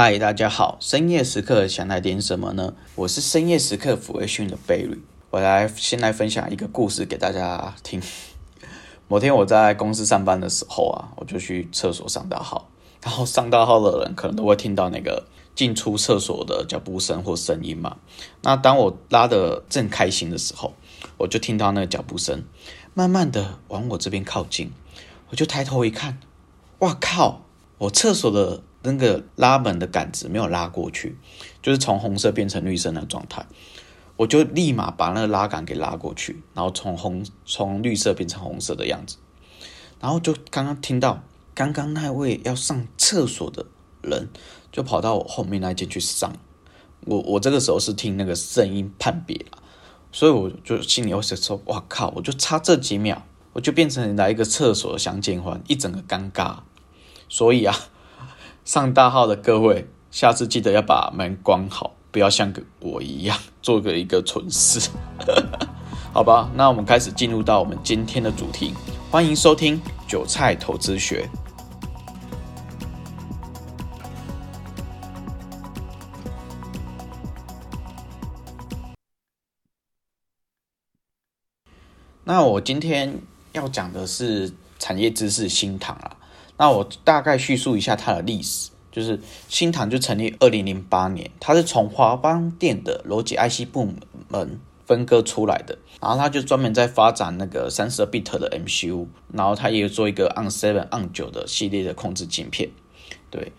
嗨，Hi, 大家好！深夜時刻想來點什麼呢？我是深夜時刻撫慰訊的 Barry，我來先來分享一個故事給大家聽。某天我在公司上班的時候啊，我就去廁所上大號，然後上大號的人可能都會聽到那個進出廁所的腳步聲或聲音嘛。那當我拉得正開心的時候，我就聽到那個腳步聲慢慢的往我這邊靠近，我就抬頭一看，哇靠！我廁所的。那個拉門的桿子沒有拉過去，就是從紅色變成綠色的狀態，我就立馬把那個拉桿給拉過去，然後從紅從綠色變成紅色的樣子，然後就剛剛聽到剛剛那位要上廁所的人就跑到我後面那一間去上，我我這個時候是聽那個聲音判別了，所以我就心裡會說，哇靠！我就差這幾秒，我就變成來一個廁所的相見歡，一整個尷尬，所以啊。上大號的各位，下次記得要把門關好，不要像個我一樣，做個一個蠢事。 好吧，那我們開始進入到我們今天的主題，歡迎收聽《韭菜投資學》。那我今天要講的是產業知識新唐啊。那我大概敘述一下它的歷史，就是新唐就成立二零零八年，它是從華邦電的邏輯 ic, IC 部門分割出來的，然後它就專門在發展那個三十二 bit 的 MCU，然後它也有做一個 on seven on 九的系列的控制晶片。對，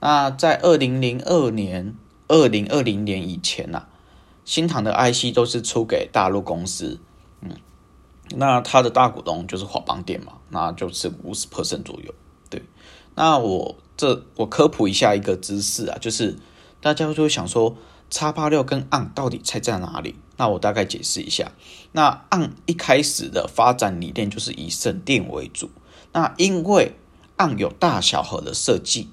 那在二零零二年、二零二零年以前吶、啊，新唐的 IC 都是出給大陸公司，嗯，那它的大股東就是華邦電嘛，那就是五十 percent 左右。那我這我科普一下一個知識啊，就是大家就會想說 X86 跟 ARM 到底差在哪裡？那我大概解釋一下。那 ARM 一開始的發展理念就是以省電為主，那因為 ARM 有大小核的設計，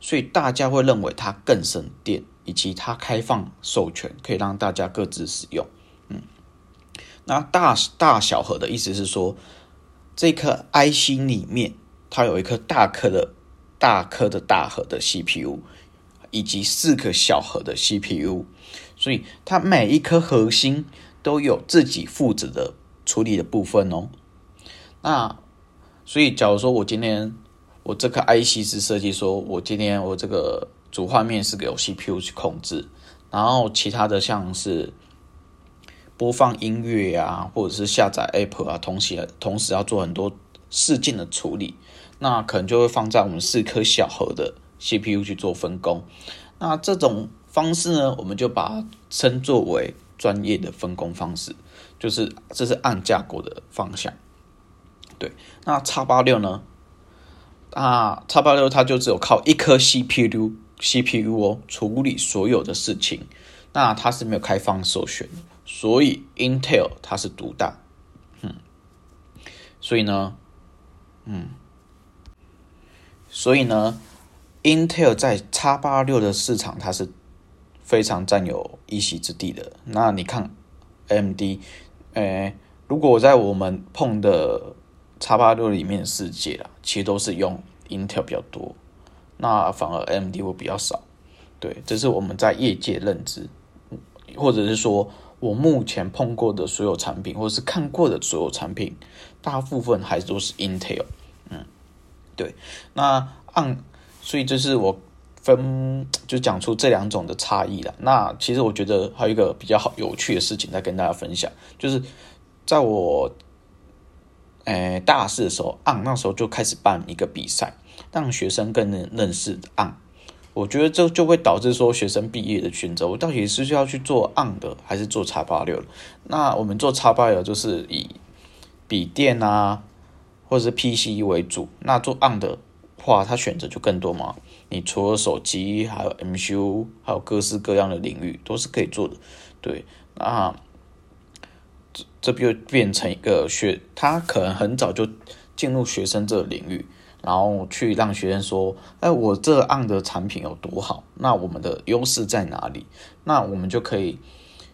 所以大家會認為它更省電，以及它開放授權可以讓大家各自使用。嗯，那大大小核的意思是說這顆 IC 裡面。它有一顆大顆的、大顆的大核的 CPU，以及四個小核的 CPU，所以它每一顆核心都有自己負責的處理的部分哦。那所以，假如說我今天我這顆 IC 是設計說，說我今天我這個主畫面是給我 CPU 去控制，然後其他的像是播放音樂啊，或者是下載 App 啊，同時同時要做很多事件的處理。那可能就會放在我們四顆小核的 CPU 去做分工。那這種方式呢，我們就把它稱作為專業的分工方式，就是這是按架構的方向。對，那叉八六呢？啊，叉八六它就只有靠一顆 CPU，CPU 哦處理所有的事情。那它是沒有開放授權，所以 Intel 它是獨大。嗯，所以呢，嗯。所以呢，Intel 在 X86 的市場，它是非常佔有一席之地的。那你看，AMD，呃、欸，如果我在我們碰的 X86 裡面的世界啦，其實都是用 Intel 比較多，那反而 AMD 會比較少。對，這是我們在業界的認知，或者是說我目前碰過的所有產品，或者是看過的所有產品，大部分還是都是 Intel。對，那 ARM，所以就是我分就講出這兩種的差異了。那其實我覺得還有一個比較好有趣的事情在跟大家分享，就是在我，誒大四的時候，ARM 那時候就開始辦一個比賽，讓學生更認識 ARM。我覺得這就會導致說，學生畢業的選擇，我到底是需要去做 ARM 的，還是做 x86 了？那我們做 x86 就是以筆電啊。或者是 PC 為主，那做 on 的話，他選擇就更多嘛？你除了手機，還有 MCU，還有各式各樣的領域都是可以做的。對，那這這不就變成一個學？他可能很早就進入學生這個領域，然後去讓學生說：“哎、欸，我這 on 的產品有多好？那我們的優勢在哪裡？那我們就可以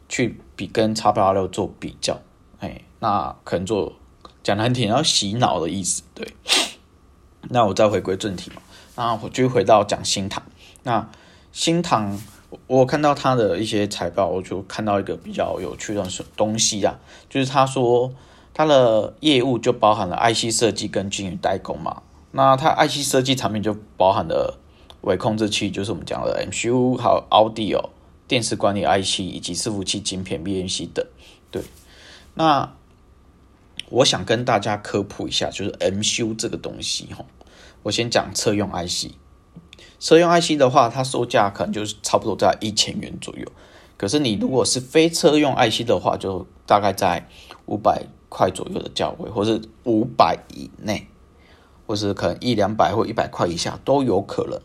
去比跟叉86做比較。”哎，那可能做。講得很挺，然後洗腦的意思，對。 那我再回歸正題嘛，那我就回到講新唐。那新唐，我看到他的一些財報，我就看到一個比較有趣的東西啊，就是他說他的業務就包含了 IC 設計跟晶圓代工嘛。那他 IC 設計產品就包含了微控制器，就是我們講的 MCU，還有 Audio、電池管理 IC 以及伺服器晶片、BMC 等。對，那。我想跟大家科普一下，就是 MCU 這個東西哈。我先講車用 IC，車用 IC 的話，它售價可能就是差不多在一千元左右。可是你如果是非車用 IC 的話，就大概在五百塊左右的價位，或是五百以內，或是可能一兩百或一百塊以下都有可能。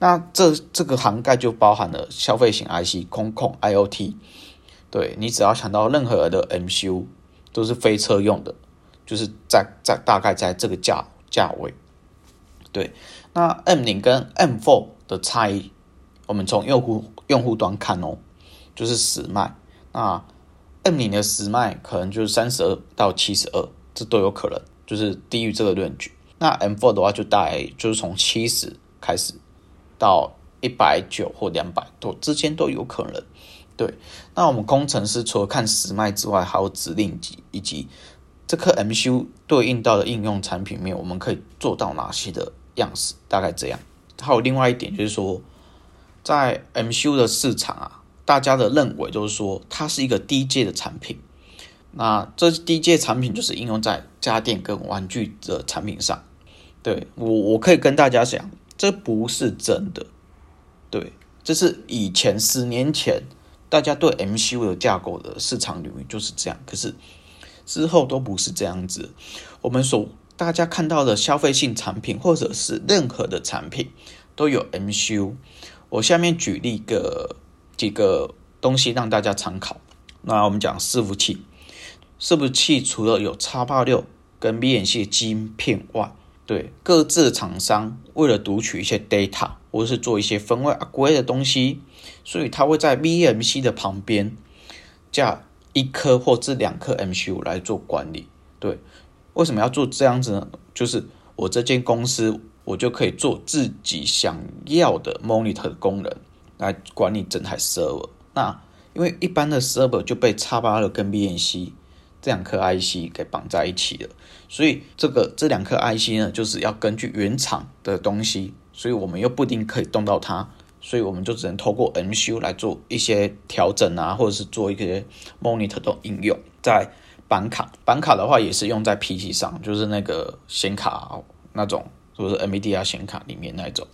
那這這個涵蓋就包含了消費型 IC 空空、空控、IOT。對，你只要想到任何的 MCU，都是非車用的。就是在在大概在這個價價位，對。那 M 零跟 M four 的差異，我們從用戶用戶端看哦，就是時脈。那 M 零的時脈可能就是三十二到七十二，這都有可能，就是低於這個論據。那 M four 的話，就大概就是從七十開始到一百九或兩百多之間都有可能。對。那我們工程師除了看時脈之外，還有指令集以及。這顆 MCU 對應到的應用產品面，我們可以做到哪些的樣式？大概這樣。還有另外一點就是說，在 MCU 的市場啊，大家的認為就是說它是一個低階的產品。那這低階產品就是應用在家電跟玩具的產品上。對，我，我可以跟大家講，這不是真的。對，這是以前十年前大家對 MCU 的架構的市場領域就是這樣。可是。之後都不是這樣子，我們所大家看到的消費性產品或者是任何的產品都有 MCU。我下面舉例一個幾個東西讓大家參考。那我們講伺服器，伺服器除了有 X86 跟 BMC 晶片外，對，各自廠商為了讀取一些 data 或者是做一些分位啊國的東西，所以它會在 BMC 的旁邊加。一顆或這兩顆 MCU 來做管理，對，為什麼要做這樣子呢？就是我這間公司，我就可以做自己想要的 monitor 功能來管理整臺 server。那因為一般的 server 就被叉八六跟 BNC 這兩顆 IC 給綁在一起了，所以這個這兩顆 IC 呢，就是要根據原廠的東西，所以我們又不一定可以動到它。所以我們就只能透過 MCU 來做一些調整啊，或者是做一些 monitor 的應用，在板卡。板卡的話也是用在 PC 上，就是那個顯卡啊，那種，就是 M D R 顯卡裡面那種。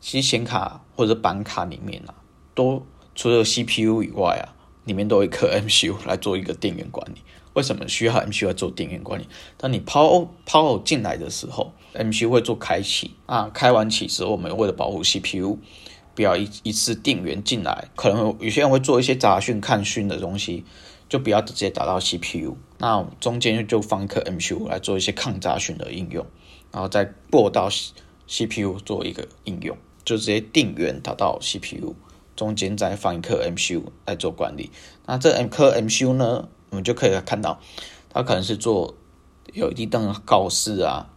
其實顯卡或者板卡裡面啊，都除了 C P U 以外啊，裡面都有一顆 M C U 來做一個電源管理。為什麼需要 M C U 來做電源管理？當你 power power 進來的時候，M C U 會做開啟啊，開完啟時候我們為了保護 C P U。不要一一次電源進來，可能有些人會做一些雜訊、看訊的東西，就不要直接打到 CPU，那中間就放一顆 MCU 來做一些抗雜訊的應用，然後再播到 CPU 做一個應用，就直接電源打到 CPU，中間再放一顆 MCU 來做管理。那這 M 科 MCU 呢，我們就可以看到，它可能是做有一定的告示啊。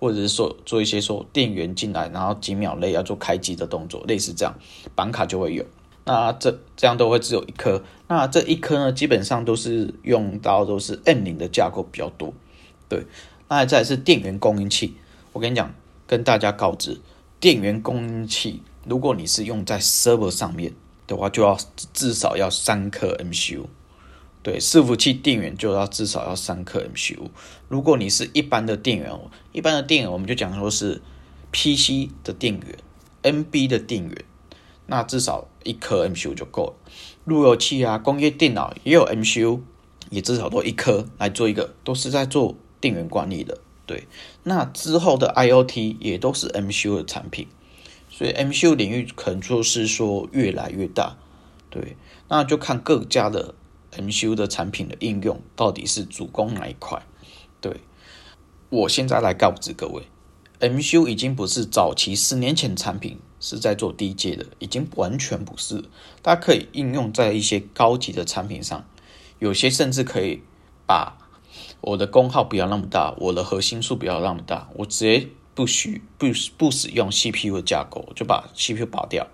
或者是說做一些說，電源進來，然後幾秒內要做開機的動作，類似這樣，板卡就會有。那這這樣都會只有一顆。那這一顆呢，基本上都是用到都是 M0 的架構比較多。對，那再來是電源供應器。我跟你講，跟大家告知，電源供應器，如果你是用在 server 上面的話，就要至少要三顆 MCU。對，伺服器電源就要至少要三顆 MCU。如果你是一般的電源，一般的電源我們就講說是 PC 的電源、NB 的電源，那至少一顆 MCU 就夠了。路由器啊，工業電腦也有 MCU，也至少做一顆來做一個，都是在做電源管理的。對，那之後的 IoT 也都是 MCU 的產品，所以 MCU 領域可能就是說越來越大。對，那就看各家的。MU 的產品的應用到底是主攻哪一塊？對，我現在來告知各位，MU 已經不是早期十年前產品是在做 DJ 的，已經完全不是。大家可以應用在一些高級的產品上，有些甚至可以把我的功耗不要那麼大，我的核心數不要那麼大，我直接不使不不使用 CPU 的架構，我就把 CPU 保掉。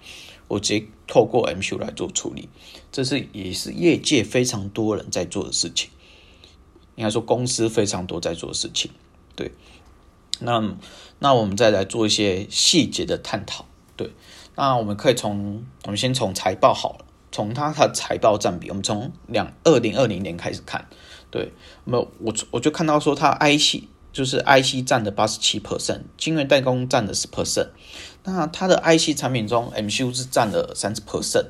我直接透過 MCU 來做處理，這是也是業界非常多人在做的事情。應該說公司非常多在做的事情。對，那那我們再來做一些細節的探討。對，那我們可以從我們先從財報好了，從它，它的財報占比，我們從兩二零二零年開始看。對，那麼我我就看到說它 I C。就是 IC 佔的八十七 percent，晶圓代工佔的十 percent，那它的 IC 產品中，MCU 是佔了三十 percent，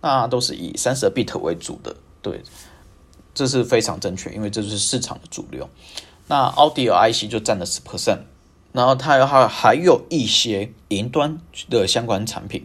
那都是以三十二 bit 為主的，對，這是非常正確，因為這是市場的主流。那 Audio IC 就佔的十 percent，然後它還還有一些雲端的相關產品，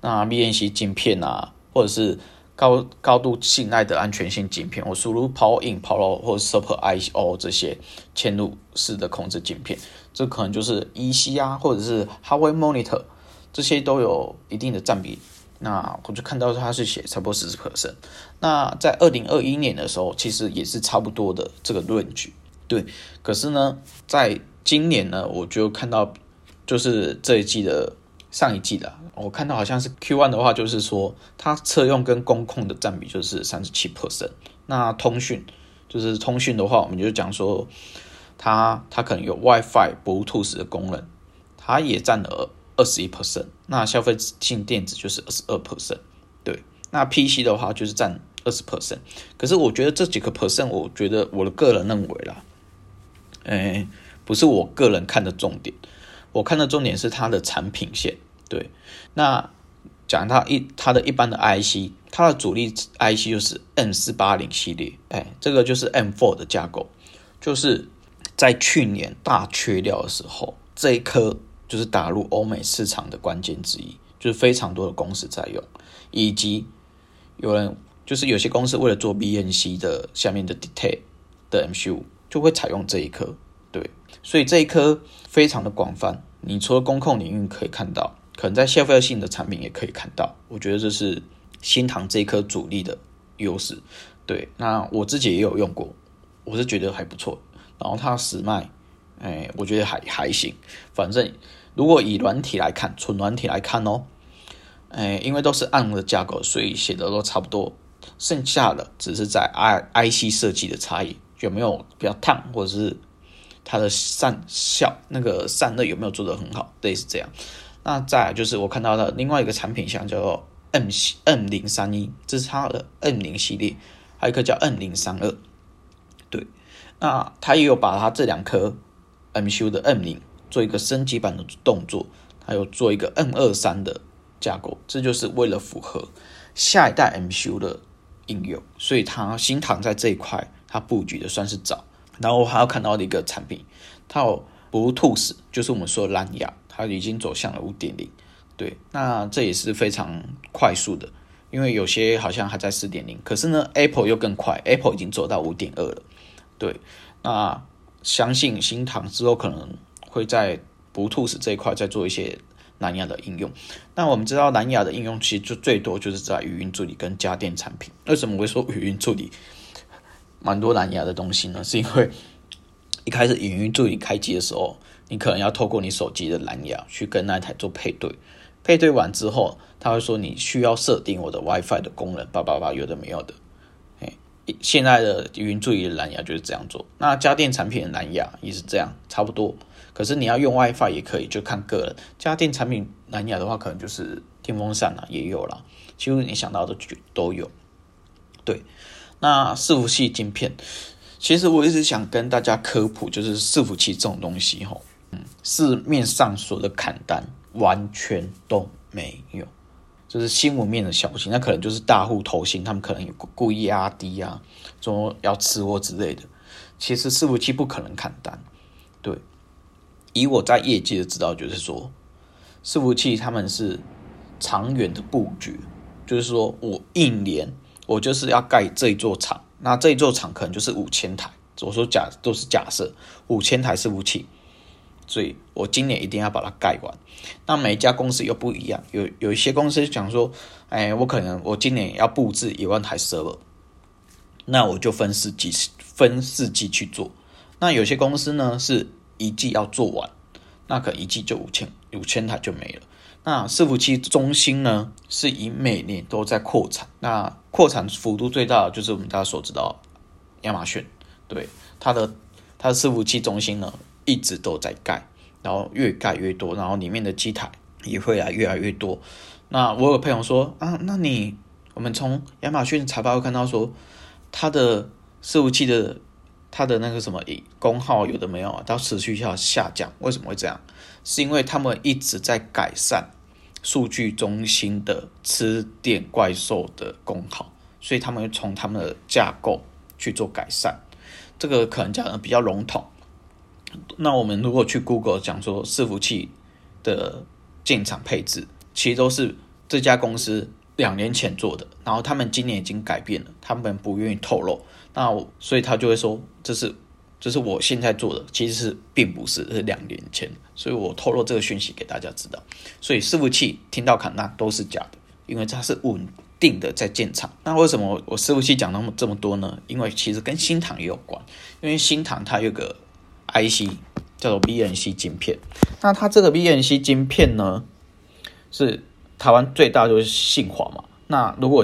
那 ASIC 晶片啊，或者是。高高度信賴的安全性晶片，我輸入 power in power 或者 Super I/O 這些嵌入式的控制晶片，這可能就是 EC 啊，或者是 hardware monitor 這些都有一定的占比。那我就看到他是寫差不多四十 percent。那在二零二一年的時候，其實也是差不多的這個論據，對。可是呢，在今年呢，我就看到就是這一季的上一季的、啊。我看到好像是 Q one 的話，就是說它車用跟工控的占比就是三十七 percent。那通訊就是通訊的話，我們就講說它它可能有 WiFi Bluetooth 的功能，它也占了二十一 percent。那消費性電子就是二十二 percent。對，那 PC 的話就是占二十 percent。可是我覺得這幾個 percent，我覺得我的個人認為啦，哎，不是我個人看的重點。我看的重點是它的產品線。對，那講到一，它的一般的 I C，它的主力 I C 就是 M 四八零系列，哎，這個就是 M4 的架構，就是在去年大缺料的時候，這一顆就是打入歐美市場的關鍵之一，就是非常多的公司在用，以及有人就是有些公司為了做 B N C 的下面的 Detail 的 M C U 就會採用這一顆，對，所以這一顆非常的廣泛，你除了工控領域可以看到。可能在消費性的產品也可以看到，我覺得這是新唐這顆主力的優勢。對，那我自己也有用過，我是覺得還不錯。然後它的時脈，哎、欸，我覺得還還行。反正如果以軟體來看，純軟體來看哦、喔，哎、欸，因為都是 ARM 的架構，所以寫的都差不多。剩下的只是在 IIC 設計的差異，有沒有比較燙，或者是它的散效那個散熱有沒有做得很好，類似這樣。那再來就是我看到的另外一個產品像叫做 M 系 M 零三一，這是它的 M 零系列，還有一個叫 M 零三二。對，那它也有把它這兩顆 MCU 的 M 零做一個升級版的動作，還有做一個 M 二三的架構，這就是為了符合下一代 MCU 的應用，所以它新唐在這一塊它布局的算是早。然後我還有看到的一個產品，它有 Bluetooth，就是我們說藍牙。它已經走向了五點零，對，那這也是非常快速的，因為有些好像還在四點零，可是呢，Apple 又更快，Apple 已經走到五點二了，對，那相信新唐之後可能會在 Bluetooth 這一塊再做一些藍牙的應用。那我們知道藍牙的應用其實就最多就是在語音助理跟家電產品。為什麼我會說語音助理，蠻多藍牙的東西呢？是因為一開始語音助理開機的時候。你可能要透過你手機的藍牙去跟那台做配對，配對完之後，他會說你需要設定我的 WiFi 的功能，叭叭叭，有的沒有的。哎，現在的雲助理的藍牙就是這樣做，那家電產品的藍牙也是這樣，差不多。可是你要用 WiFi 也可以，就看個人。家電產品藍牙的話，可能就是電風扇啦、啊，也有啦。其實你想到的都有。對，那伺服器晶片，其實我一直想跟大家科普，就是伺服器這種東西，吼。嗯，市面上所有的砍單完全都沒有，就是新聞面的小型，那可能就是大戶投信，他們可能有故意壓低啊，說要吃貨之類的。其實伺服器不可能砍單，對。以我在業界的知道，就是說，伺服器他們是長遠的布局，就是說我一年我就是要蓋這一座廠，那這座廠可能就是五千台，我說假都是假設五千台伺服器。所以，我今年一定要把它蓋完。那每一家公司又不一樣，有有一些公司想說，哎、欸，我可能我今年要布置一萬台 server，那我就分四季分四季去做。那有些公司呢，是一季要做完，那可一季就五千五千台就沒了。那伺服器中心呢，是以每年都在擴產，那擴產幅度最大的就是我們大家所知道亞馬遜，對，它的它的伺服器中心呢。一直都在蓋，然後越蓋越多，然後裡面的機台也會來越來越多。那我有朋友說啊，那你我們從亞馬遜財報會看到說，它的伺服器的它的那個什麼功耗，有的沒有到持續要下降？為什麼會這樣？是因為他們一直在改善數據中心的吃電怪獸的功耗，所以他們從他們的架構去做改善。這個可能講的比較籠統。那我們如果去 Google 講說伺服器的建廠配置，其實都是這家公司兩年前做的，然後他們今年已經改變了，他們不願意透露。那所以他就會說，這是這是我現在做的，其實是並不是是兩年前。所以我透露這個訊息給大家知道。所以伺服器聽到砍，那都是假的，因為它是穩定的在建廠。那為什麼我伺服器講那麼這麼多呢？因為其實跟新唐也有關，因為新唐它有個。I C 叫做 B N C 晶片，那它這個 B N C 晶片呢，是台灣最大就是信華嘛。那如果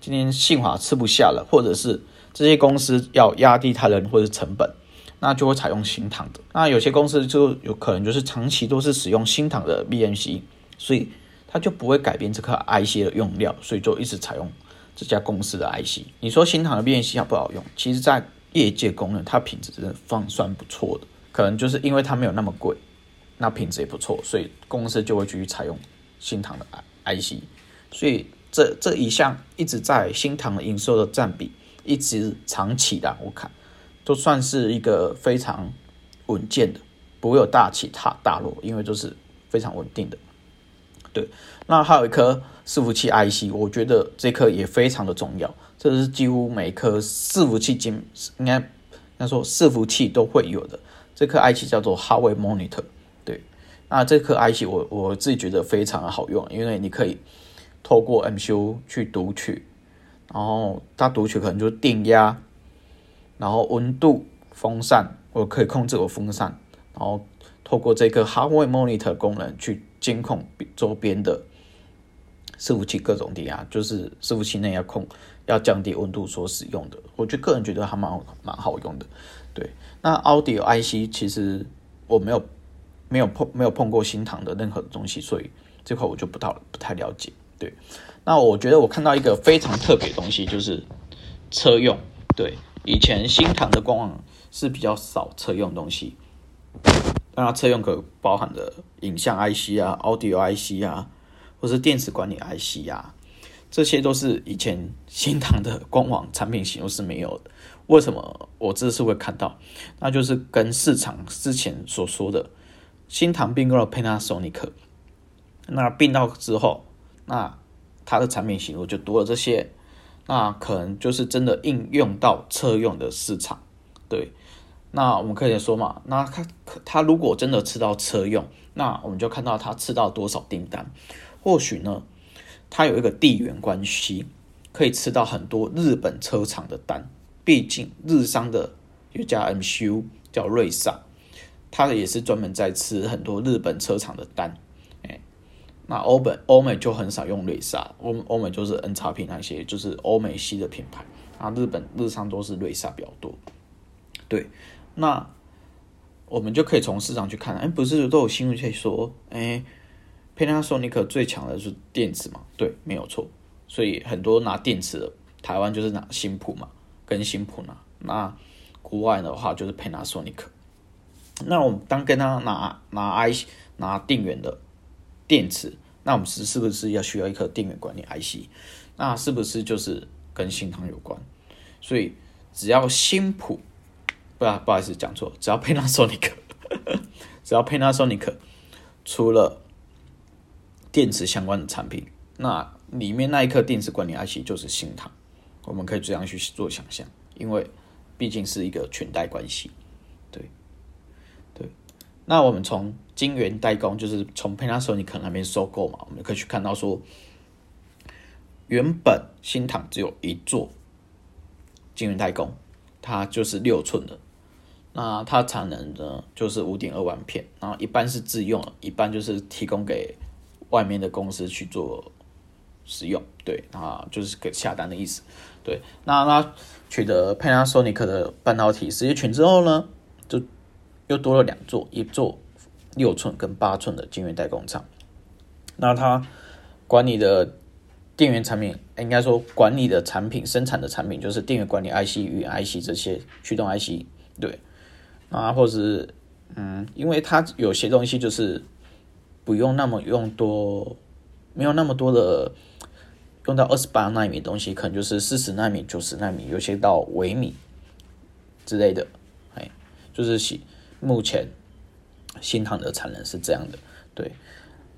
今天信華吃不下了，或者是這些公司要壓低他人或者成本，那就會採用新唐的。那有些公司就有可能就是長期都是使用新唐的 B N C，所以它就不會改變這顆 I C 的用料，所以就一直採用這家公司的 I C。你說新唐的 B N C 它不好用，其實，在業界公認，它品質真的算，算不錯的，可能就是因為它沒有那麼貴，那品質也不錯，所以公司就會繼續採用新唐的 I I C，所以這這一項一直在新唐的營收的占比一直長期的，我看都算是一個非常穩健的，不會有大起大大落，因為都是非常穩定的。對，那還有一顆伺服器 I C，我覺得這顆也非常的重要。這是幾乎每一顆伺服器應該，他說伺服器都會有的這顆 IC 叫做 Hardware Monitor。對，那這顆 IC 我我自己覺得非常的好用，因為你可以透過 MCU 去讀取，然後它讀取可能就電壓，然後溫度、風扇，我可以控制我風扇，然後透過這個 Hardware Monitor 功能去監控周邊的伺服器各種電壓，就是伺服器內要控，要降低溫度所使用的，我就個人覺得還蠻蠻好用的。對，那 Audio IC 其實我沒有沒有碰沒有碰過新唐的任何東西，所以這塊我就不太不太了解。對，那我覺得我看到一個非常特別的東西，就是車用。對，以前新唐的官網是比較少車用東西，那車用可包含的影像 IC 啊、Audio IC 啊，或者是電池管理 IC 啊。這些都是以前新唐的官網產品型錄是沒有的，為什麼我這次會看到？那就是跟市場之前所說的，新唐併購了 Panasonic，那併到之後，那它的產品型錄就多了這些，那可能就是真的應用到車用的市場。對，那我們可以說嘛，那它它如果真的吃到車用，那我們就看到它吃到多少訂單，或許呢？它有一個地緣關係，可以吃到很多日本車廠的單。畢竟日商的有家 M C U 叫瑞薩，它也是專門在吃很多日本車廠的單。欸、那歐本歐美就很少用瑞薩，歐歐美就是 NXP 那些，就是歐美系的品牌。那日本日商都是瑞薩比較多。對，那我們就可以從市場去看。哎、欸，不是都有新聞在說，欸 Panasonic 最強的是電池嘛？對，沒有錯。所以很多拿電池的台灣就是拿新普嘛，跟新普拿。那國外的話就是 Panasonic。那我們當跟他拿拿,拿 IC 拿電源的電池，那我們是是不是要需要一顆電源管理 IC？那是不是就是跟新唐有關？所以只要新普，不，不好意思講錯，只要 Panasonic，只要 Panasonic 除了。電池相關的產品，那裡面那一顆電池管理 IC 就是新唐，我們可以這樣去做想象，因為畢竟是一個裙帶關係，對對。那我們從晶圓代工，就是從 Panasonic 時候你可能還沒收購嘛，我們可以去看到說，原本新唐只有一座晶圓代工，它就是六寸的，那它產能呢就是五點二萬片，然後一半是自用，一半就是提供給。外面的公司去做使用，對，啊，就是給下單的意思，對。那他取得 Panasonic 的半導體事業群之後呢，就又多了兩座，一座六寸跟八寸的晶圓代工廠。那他管理的電源產品，欸、應該說管理的產品生產的產品，就是電源管理 IC 與 IC 這些驅動 IC，對。啊，或者是，嗯，因為它有些東西就是。不用那麼用多，沒有那麼多的用到二十八納米的東西，可能就是四十納米、九十納米，有些到微米之類的。哎，就是目前新唐的產能是這樣的。對，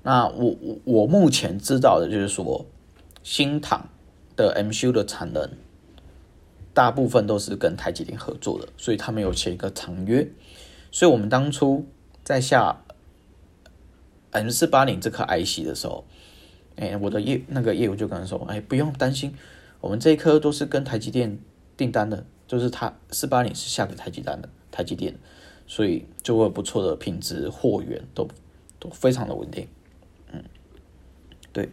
那我我目前知道的就是說，新唐的 MCU 的產能大部分都是跟台積電合作的，所以他們有簽一個長約，所以我們當初在下。M480 這顆 IC 的時候，哎、欸，我的業那個業務就跟他說：“哎、欸，不用擔心，我們這一顆都是跟台積電訂單的，就是他480是下給台積電的，台積電，所以就有不錯的品質貨源，都都非常的穩定。”嗯，對。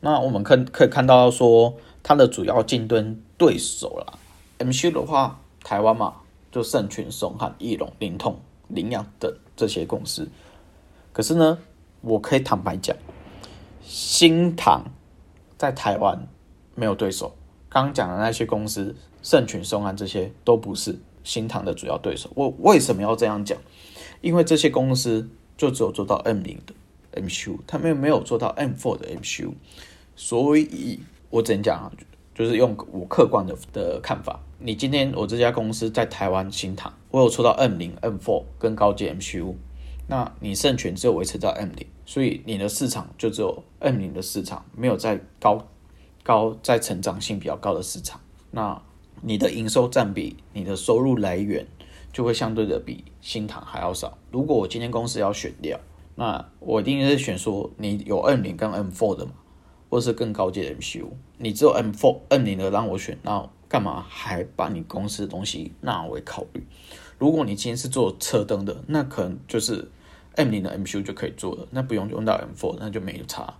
那我們可可以看到說，它的主要競爭對手啦，MCU 的話，台灣嘛，就盛群松和、松翰、義隆、凌通、凌陽等這些公司。可是呢？我可以坦白講，新唐在台灣沒有對手。剛剛講的那些公司，盛群、松安這些都不是新唐的主要對手我。我為什麼要這樣講？因為這些公司就只有做到 M 零的 MCU，他們沒有做到 M four 的 MCU。所以，我只能講啊，就是用我客觀的的看法。你今天我這家公司在台灣新唐，我有做到 M 零、M four 跟高階 MCU，那你盛群只有維持到 M 零。所以你的市場就只有 M 零的市場，沒有在高高在成長性比較高的市場。那你的營收占比，你的收入來源就會相對的比新唐還要少。如果我今天公司要選掉，那我一定是選說你有 M 零跟 M four 的嘛，或是更高階的 MCU。你只有 M four M 零的讓我選，那幹嘛還把你公司的東西納為考慮？如果你今天是做車燈的，那可能就是。M 零的 MCU 就可以做了，那不用用到 M 4，那就沒差。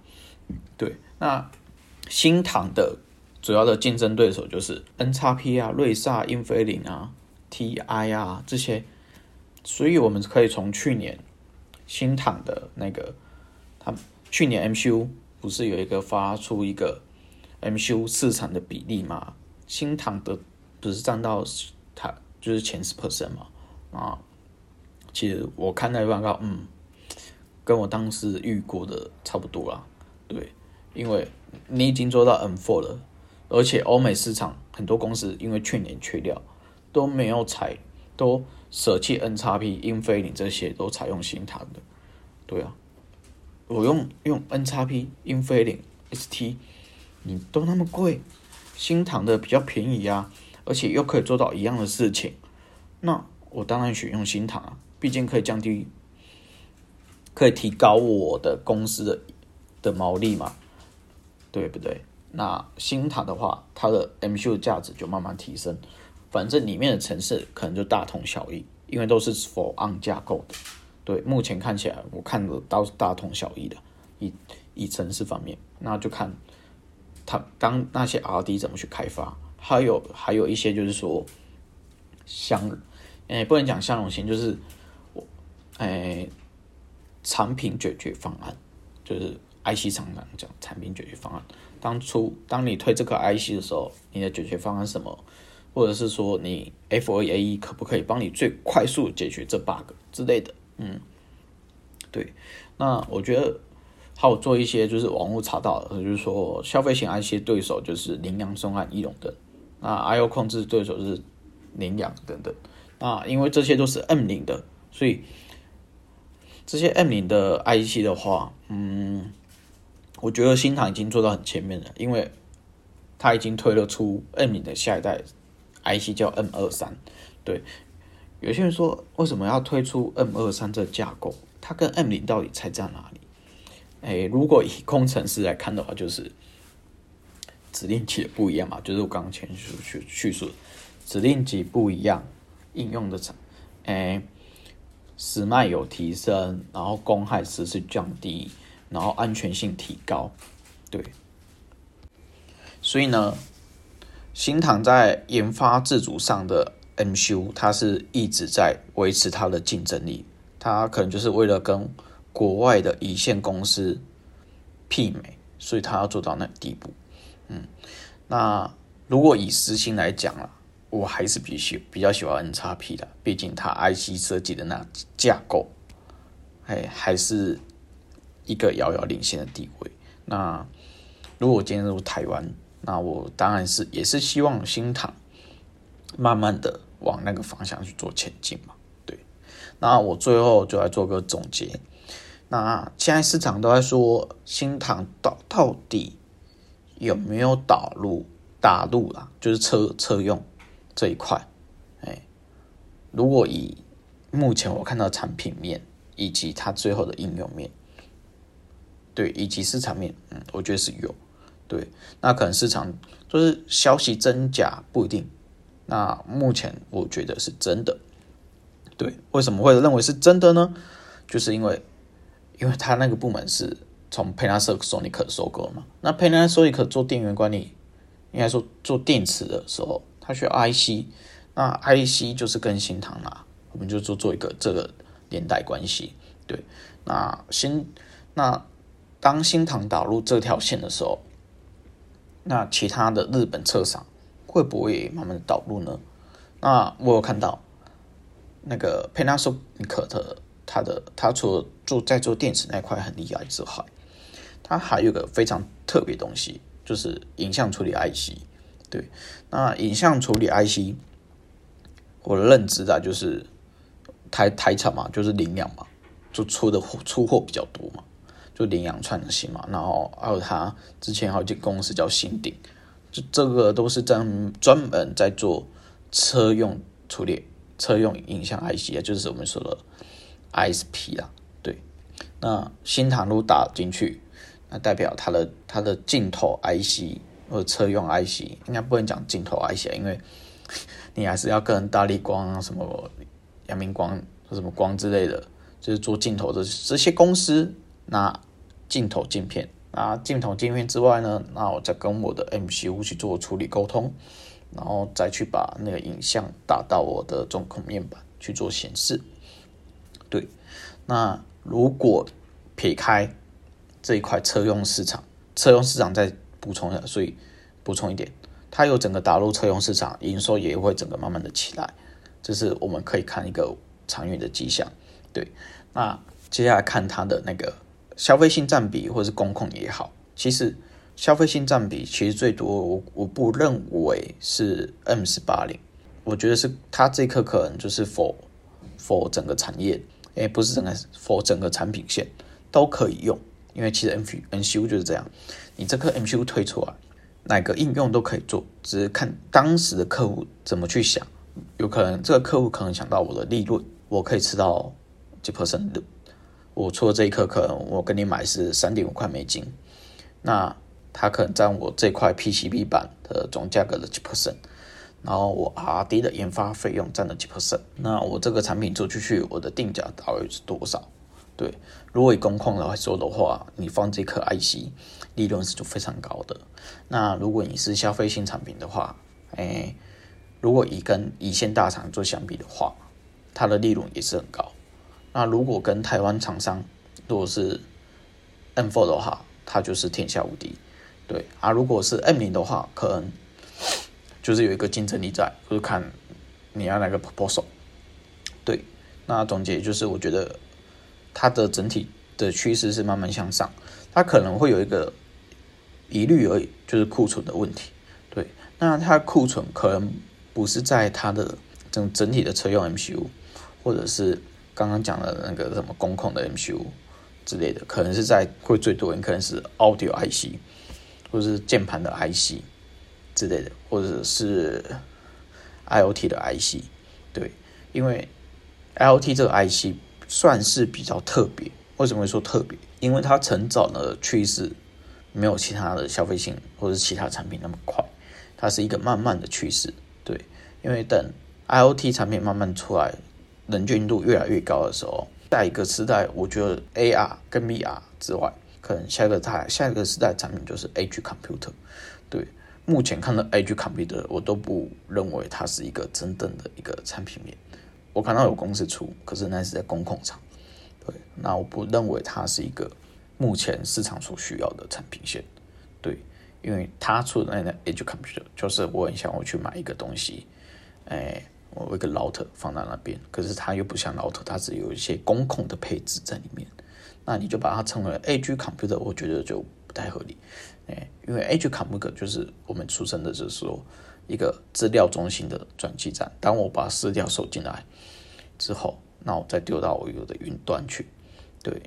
對，那新唐的主要的競爭對手就是 N 叉 P 啊、瑞薩、英菲林啊、TI 啊這些。所以我們可以從去年新唐的那個，他們去年 MCU 不是有一個發出一個 MCU 市場的比例嗎？新唐的不是占到它就是前十 percent 啊？其實我看那報告，嗯，跟我當時預估的差不多啊，對，因為你已經做到 N4 了，而且歐美市場很多公司因為去年缺掉，都沒有採，都舍棄 NXP、英飛凌這些，都採用新唐的。對啊，我用用 NXP、英飛凌、ST，你都那麼貴，新唐的比較便宜啊，而且又可以做到一樣的事情，那我當然選用新唐啊。畢竟可以降低，可以提高我的公司的的毛利嘛，對不對？那新唐的話，它的 MCU 的價值就慢慢提升。反正裡面的程式可能就大同小異，因為都是 for on 架構的。對，目前看起來，我看到倒是大同小異的。以以程式方面，那就看它當那些 R D 怎麼去開發，還有還有一些就是說，相，呃，不能講相容性，就是。哎，產品解決方案就是 IC 廠商講產品解決方案。當初當你推這個 IC 的時候，你的解決方案是什麼，或者是說你 FAE 可不可以幫你最快速解決這 bug 之類的？嗯，對。那我覺得還有做一些就是網絡查到的，就是說消費型 IC 對手就是凌陽、松翰、義隆等，那 IO 控制對手是凌陽等等。那因為這些都是 M0 的，所以。這些 M0 的 IC 的話，嗯，我覺得新唐已經做到很前面了，因為它已經推了出 M0 的下一代 IC 叫 M23。對，有些人說為什麼要推出 M23 這架構？它跟 M0 到底差在哪裡？欸，如果以工程師來看的話，就是指令集不一樣嘛，就是我剛剛前敘敘述指令集不一樣，應用的場，欸，時脈有提升，然後功耗持續降低，然後安全性提高，對。所以呢，新唐在研發自主上的 MCU，它是一直在維持它的競爭力。它可能就是為了跟國外的一線公司媲美，所以它要做到那地步。嗯，那如果以私心來講啦、啊。我還是比，比較喜歡 NXP 的，畢竟它 IC 設計的那架構，哎，還是一個遙遙領先的地位。那如果今天入台灣，那我當然是也是希望新唐慢慢的往那個方向去做前進嘛。對，那我最後就來做個總結。那現在市場都在說新唐到到底有沒有導入打入啦，就是車車用。這一塊，哎、欸，如果以目前我看到的產品面以及它最後的應用面，對，以及市場面，嗯，我覺得是有。對，那可能市場就是消息真假不一定。那目前我覺得是真的。對，為什麼會認為是真的呢？就是因為，因為他那個部門是從 Panasonic 收購的嘛，那 Panasonic 做電源管理，應該說做電池的時候。它需要 IC，那 IC 就是跟新唐啦、啊，我們就做做一個這個連帶關係。對，那新那當新唐導入這條線的時候，那其他的日本車廠會不會慢慢的導入呢？那我有看到那個 Panasonic 的，它的它除了做在做電池那塊很厲害之外，它還有一個非常特別東西，就是影像處理 IC，對。那影像處理 IC，我認知的、啊，就是台台廠嘛，就是聯陽嘛，就出的出貨比較多嘛，就聯陽創新嘛，然後還有他之前還有個公司叫新鼎，這這個都是專專門在做車用處理，車用影像 IC 啊，就是我們說的 ISP 啦。對，那新唐路打進去，那代表它的它的鏡頭 IC。我車用 IC 應該不能講鏡頭 IC，因為你還是要跟大立光啊、什麼揚明光、什麼光之類的，就是做鏡頭的這些公司，拿鏡頭鏡片啊，鏡頭鏡片之外呢，那我再跟我的 MCU 去做處理溝通，然後再去把那個影像打到我的中控面板去做顯示。對，那如果撇開這一塊車用市場，車用市場在。補充的，所以補充一點，它有整個打入車用市場，營收也會整個慢慢的起來，這是我們可以看一個長遠的跡象。對，那接下來看它的那個消費性占比，或者是工控也好，其實消費性占比其實最多，我我不認為是 M 四八零，我覺得是它這顆可能就是 for for 整個產業，哎，不是整個 for 整個產品線都可以用，因為其實 MCU 就是這樣。你這顆 MCU 推出來，哪個應用都可以做，只是看當時的客戶怎麼去想。有可能這個客戶可能想到我的利潤，我可以吃到幾 percent 的。我出的這一顆可能我跟你買是三點五塊美金，那他可能佔我這塊 P C B 板的總價格的幾 percent，然後我 R D 的研發費用佔了幾 percent。那我這個產品做出去，我的定價到底是多少？對，如果以工控來說的話，你放這顆 I C。利潤是就非常高的。那如果你是消費性產品的話，哎、欸，如果以跟一線大廠做相比的話，它的利潤也是很高。那如果跟台灣廠商，如果是 M four 的話，它就是天下無敵。對啊，如果是 M 零的話，可能就是有一個競爭力在，就是看你要哪個 proposal。對，那總結就是，我覺得它的整體的趨勢是慢慢向上，它可能會有一個。疑慮而已，就是庫存的問題。對，那它庫存可能不是在它的整整體的車用 MCU，或者是剛剛講的那個什麼工控的 MCU 之類的，可能是在會最多，可能是 Audio IC，或者是鍵盤的 IC 之類的，或者是 IoT 的 IC。對，因為 IoT 這個 IC 算是比較特別。為什麼會說特別？因為它成長的趨勢沒有其他的消費性或者是其他產品那麼快，它是一個慢慢的趨勢，對。因為等 I O T 產品慢慢出來，冷峻度越來越高的時候，下一個時代，我覺得 A R 跟 V R 之外，可能下一個太下一個時代產品就是 Edge Computer。對，目前看到 Edge Computer，我都不認為它是一個真正的一個產品面。我看到有公司出，可是那是在工控廠，對，那我不認為它是一個。目前市場所需要的產品線，對，因為它出來的，的 edge computer 就是我很想要去買一個東西，哎、欸，我有一個 router 放在那邊，可是它又不像 router，它是有一些工控的配置在裡面，那你就把它稱為 edge computer，我覺得就不太合理，哎、欸，因為 edge computer 就是我們出生的就是說一個資料中心的轉機站，當我把資料收進來之後，那我再丟到我的雲端去，對。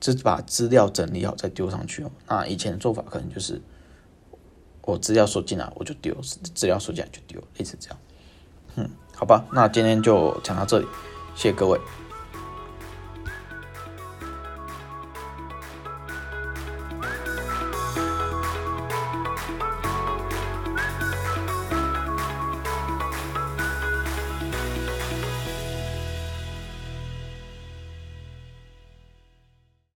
就把資料整理好再丟上去哦。那以前的做法可能就是，我資料收進來，我就丟，資料收進來就丟，一直這樣。嗯，好吧，那今天就講到這裡，謝謝各位。